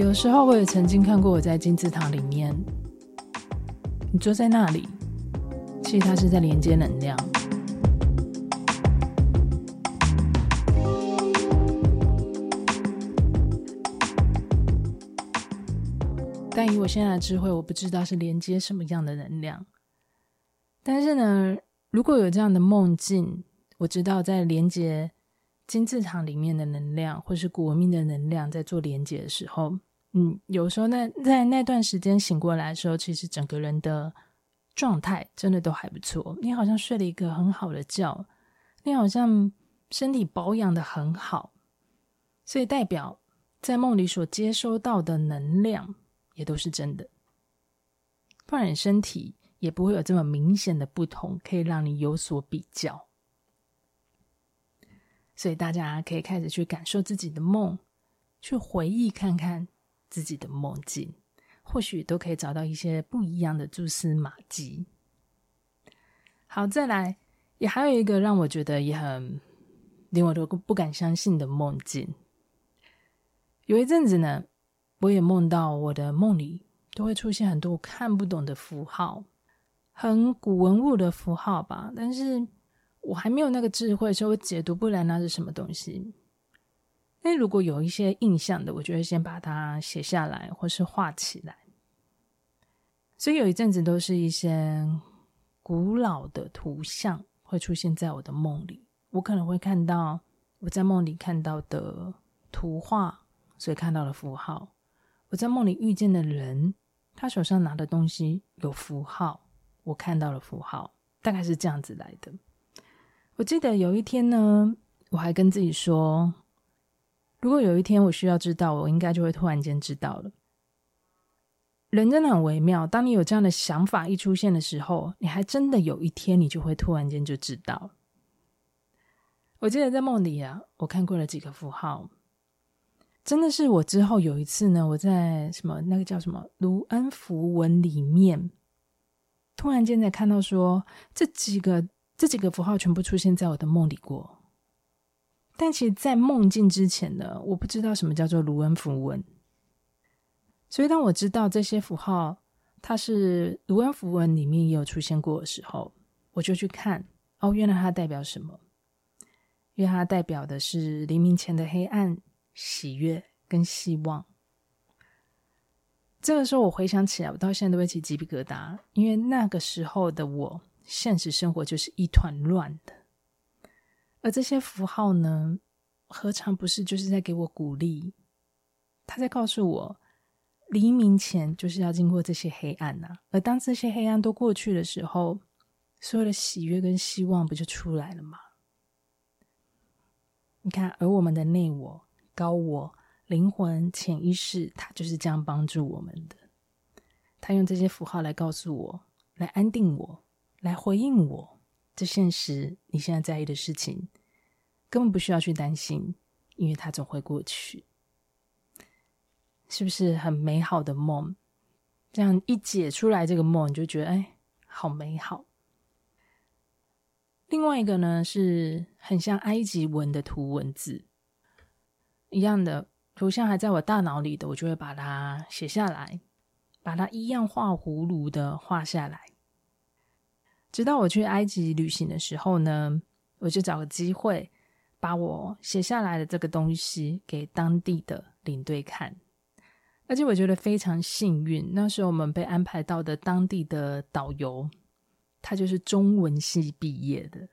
有時候我也曾經看過我在金字塔裡面，你坐在那裡，其實它是在連接能量。但以我現在的智慧，我不知道是連接什麼樣的能量。但是呢，如果有這樣的夢境，我知道我在連接金字塔裡面的能量，或是古文明的能量，在做連接的時候。嗯，有時候，那在那段時間醒過來的時候，其實整個人的狀態真的都還不錯。你好像睡了一個很好的覺，你好像身體保養的很好，所以代表在夢裡所接收到的能量也都是真的。不然身體也不會有這麼明顯的不同，可以讓你有所比較。所以大家可以開始去感受自己的夢，去回憶看看。自己的夢境，或許都可以找到一些不一樣的蛛絲馬跡。好，再來，也還有一個讓我覺得也很令我都不敢相信的夢境。有一陣子呢，我也夢到我的夢裡都會出現很多看不懂的符號，很古文物的符號吧，但是我還沒有那個智慧，所以我解讀不來那是什麼東西。那如果有一些印象的，我就會先把它寫下來，或是畫起來。所以有一陣子都是一些古老的圖像會出現在我的夢裡。我可能會看到我在夢裡看到的圖畫，所以看到了符號。我在夢裡遇見的人，他手上拿的東西有符號，我看到了符號，大概是這樣子來的。我記得有一天呢，我還跟自己說，如果有一天我需要知道，我應該就會突然間知道了。人真的很微妙，當你有這樣的想法一出現的時候，你還真的有一天你就會突然間就知道。我記得在夢裡啊，我看過了幾個符號，真的是我之後有一次呢，我在什麼，那個叫什麼，盧恩符文裡面，突然間才看到說這幾個，這幾個符號全部出現在我的夢裡過。但其實，在夢境之前呢，我不知道什麼叫做盧恩符文。所以，當我知道這些符號它是盧恩符文裡面也有出現過的時候，我就去看哦，原來它代表什麼？因為它代表的是黎明前的黑暗、喜悅跟希望。這個時候，我回想起來，我到現在都會起雞皮疙瘩，因為那個時候的我，現實生活就是一團亂的。而這些符號呢，何嘗不是就是在給我鼓勵？他在告訴我，黎明前就是要經過這些黑暗吶、啊。而當這些黑暗都過去的時候，所有的喜悅跟希望不就出來了嗎？你看，而我們的內我、高我、靈魂、潛意識，它就是這樣幫助我們的。他用這些符號來告訴我，來安定我，來回應我。這現實，你現在在意的事情，根本不需要去擔心，因為它總會過去。是不是很美好的夢？這樣一解出來這個夢，你就覺得，哎，好美好。另外一個呢，是很像埃及文的圖文字一樣的，圖像還在我大腦裡的，我就會把它寫下來，把它一樣畫葫蘆的畫下來。直到我去埃及旅行的時候呢，我就找個機會把我寫下來的這個東西給當地的領隊看，而且我覺得非常幸運，那時候我們被安排到的當地的導遊，他就是中文系畢業的，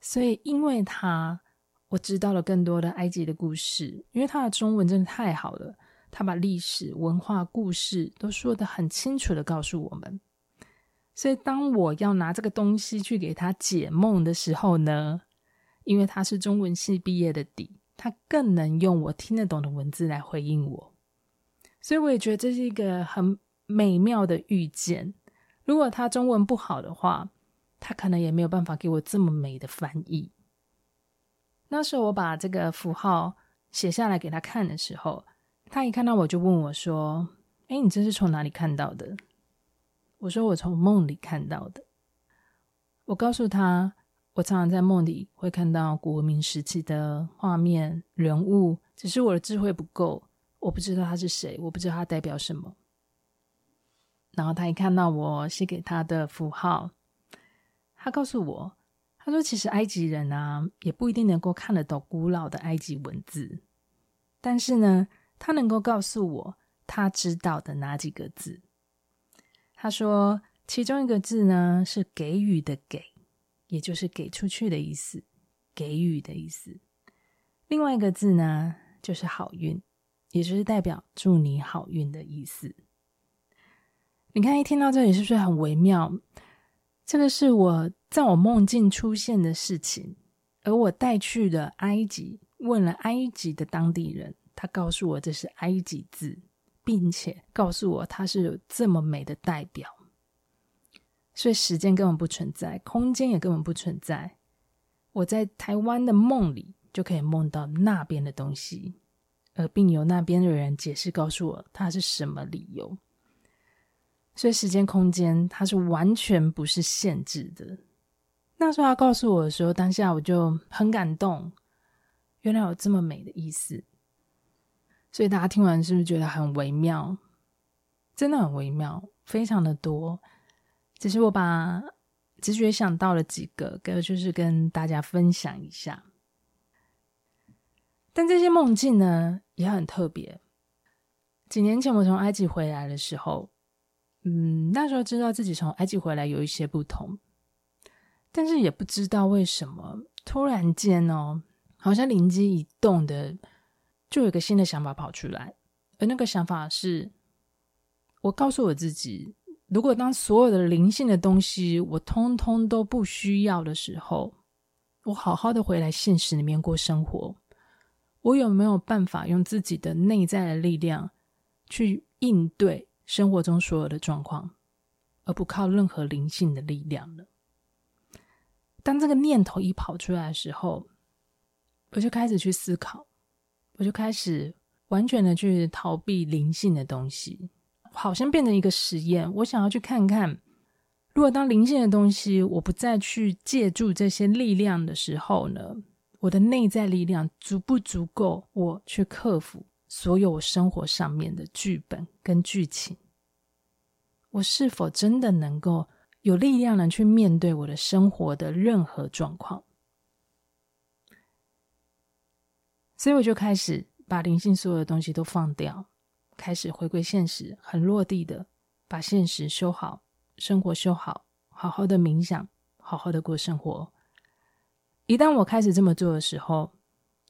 所以因為他，我知道了更多的埃及的故事，因為他的中文真的太好了，他把歷史文化故事都說得很清楚的告訴我們。所以，當我要拿這個東西去給他解夢的時候呢，因為他是中文系畢業的底，他更能用我聽得懂的文字來回應我。所以，我也覺得這是一個很美妙的遇見。如果他中文不好的話，他可能也沒有辦法給我這麼美的翻譯。那時候，我把這個符號寫下來給他看的時候，他一看到我就問我說：“哎，你這是從哪裡看到的？”我說我從夢裡看到的。我告訴他，我常常在夢裡會看到古文明時期的畫面、人物，只是我的智慧不夠，我不知道他是誰，我不知道他代表什麼。然後他一看到我寫給他的符號，他告訴我，他說其實埃及人呢、啊，也不一定能夠看得懂古老的埃及文字，但是呢，他能夠告訴我他知道的哪幾個字。他說：“其中一個字呢是‘給予’的‘給’，也就是‘給出去’的意思，‘給予’的意思。另外一個字呢就是‘好運’，也就是代表‘祝你好運’的意思。你看，一聽到這裡是不是很微妙？這個是我在我夢境出現的事情，而我帶去了埃及，問了埃及的當地人，他告訴我這是埃及字。”並且告訴我，它是有這麼美的代表，所以時間根本不存在，空間也根本不存在。我在台灣的夢裡就可以夢到那邊的東西，而並由那邊的人解釋告訴我它是什麼理由。所以時間、空間，它是完全不是限制的。那時候他告訴我的時候，當下我就很感動，原來有這麼美的意思。所以大家聽完是不是覺得很微妙？真的很微妙，非常的多。只是我把直覺想到了幾個，跟就是跟大家分享一下。但這些夢境呢，也很特別。幾年前我從埃及回來的時候，嗯，那時候知道自己從埃及回來有一些不同，但是也不知道為什麼，突然間哦，好像靈機一動的。就有一個新的想法跑出來，而那個想法是：我告訴我自己，如果當所有的靈性的東西我通通都不需要的時候，我好好的回來現實裡面過生活，我有沒有辦法用自己的內在的力量去應對生活中所有的狀況，而不靠任何靈性的力量呢？當這個念頭一跑出來的時候，我就開始去思考。我就開始完全的去逃避靈性的東西，好像變成一個實驗。我想要去看看，如果當靈性的東西我不再去借助這些力量的時候呢，我的內在力量足不足夠我去克服所有我生活上面的劇本跟劇情？我是否真的能夠有力量的去面對我的生活的任何狀況？所以我就開始把靈性所有的東西都放掉，開始回歸現實，很落地的把現實修好，生活修好，好好的冥想，好好的過生活。一旦我開始這麼做的時候，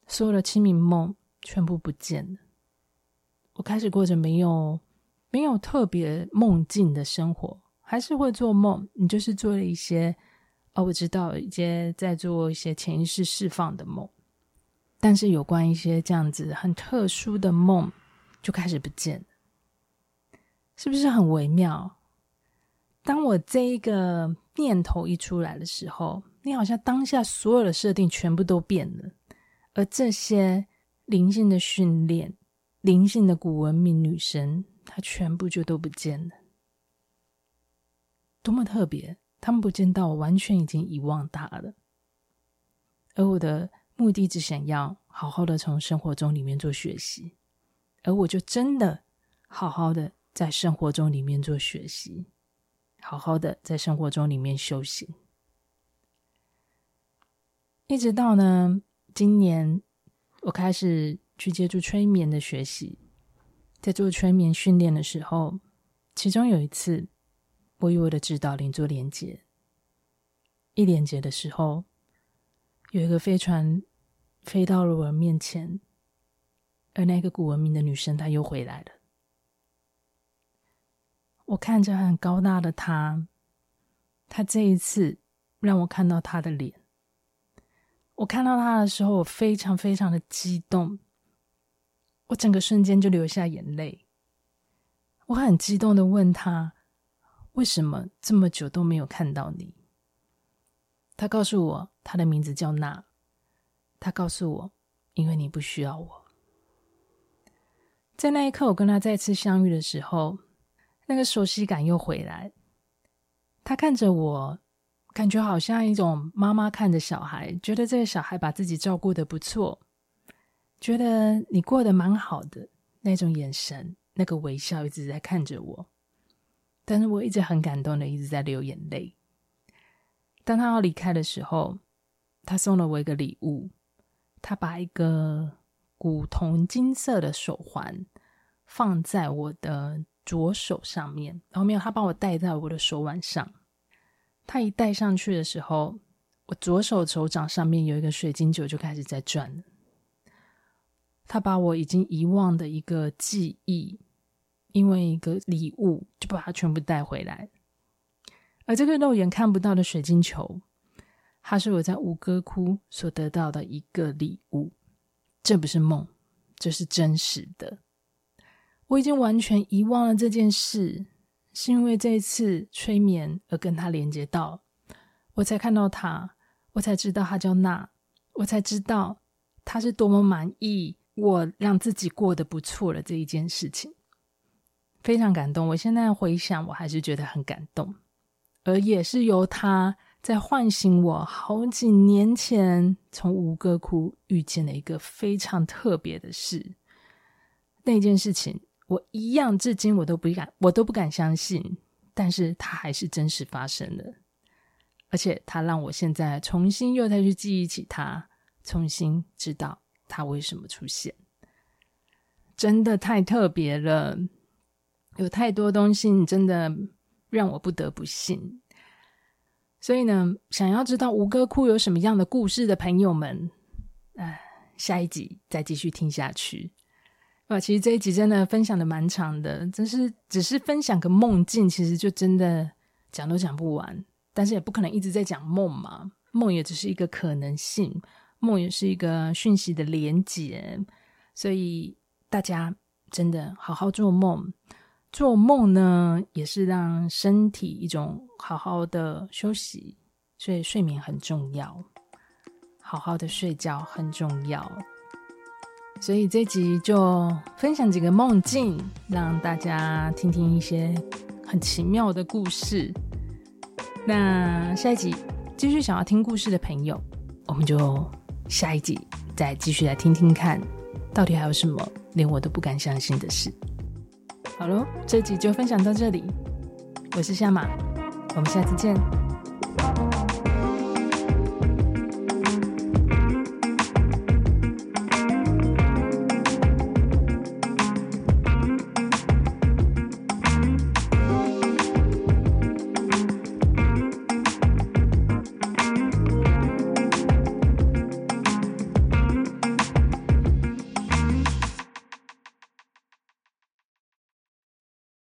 所有的清明夢全部不見了。我開始過着沒有沒有特別夢境的生活，還是會做夢，你就是做了一些，哦，我知道一些在做一些潛意識釋放的夢。但是有關一些這樣子很特殊的夢，就開始不見了，是不是很微妙？當我這一個念頭一出來的時候，你好像當下所有的設定全部都變了，而這些靈性的訓練、靈性的古文明女神，她全部就都不見了，多麼特別！他們不見到，我完全已經遺忘他了，而我的。目的只想要好好的從生活中裡面做學習，而我就真的好好的在生活中裡面做學習，好好的在生活中裡面修行，一直到呢今年，我開始去接觸催眠的學習，在做催眠訓練的時候，其中有一次，我與我的指導靈做連接，一連接的時候，有一個飛船。飛到了我的面前，而那個古文明的女生，她又回來了。我看着很高大的她，她這一次讓我看到她的臉。我看到她的時候，我非常非常的激動，我整個瞬間就流下眼淚。我很激動的問她：“為什麼這麼久都沒有看到你？”她告訴我，她的名字叫娜。他告訴我：“因為你不需要我。”在那一刻，我跟他再次相遇的時候，那個熟悉感又回來。他看着我，感覺好像一種媽媽看着小孩，覺得這個小孩把自己照顧得不錯，覺得你過得蠻好的那種眼神，那個微笑一直在看着我。但是我一直很感動的，一直在流眼淚。當他要離開的時候，他送了我一個禮物。他把一個古銅金色的手環放在我的左手上面，然後、哦、沒有，他把我戴在我的手腕上。他一戴上去的時候，我左手手掌上面有一個水晶球就開始在轉。他把我已經遺忘的一個記憶，因為一個禮物，就把它全部帶回來。而這個肉眼看不到的水晶球。他是我在吳哥窟所得到的一個禮物，這不是夢，這是真實的。我已經完全遺忘了這件事，是因為這一次催眠而跟他連接到，我才看到他，我才知道他叫娜，我才知道他是多麼滿意我讓自己過得不錯的這一件事情，非常感動。我現在回想，我還是覺得很感動，而也是由他在喚醒我好幾年前，從吳哥窟遇見了一個非常特別的事。那件事情，我一樣至今我都不敢，我都不敢相信。但是它還是真實發生的，而且它讓我現在重新又再去記憶起它，重新知道它為什麼出現。真的太特別了，有太多東西真的讓我不得不信。所以呢，想要知道吳哥窟有什麼樣的故事的朋友們，呃，下一集再繼續聽下去。其實這一集真的分享得蠻長的，真是只是分享個夢境，其實就真的講都講不完。但是也不可能一直在講夢嘛，夢也只是一個可能性，夢也是一個訊息的連結。所以大家真的好好做夢。做夢呢，也是讓身體一種好好的休息，所以睡眠很重要，好好的睡覺很重要。所以這一集就分享幾個夢境，讓大家聽聽一些很奇妙的故事。那下一集繼續想要聽故事的朋友，我們就下一集再繼續來聽聽看，到底還有什麼連我都不敢相信的事。好嘍，這集就分享到這裡。我是夏馬，我們下次見。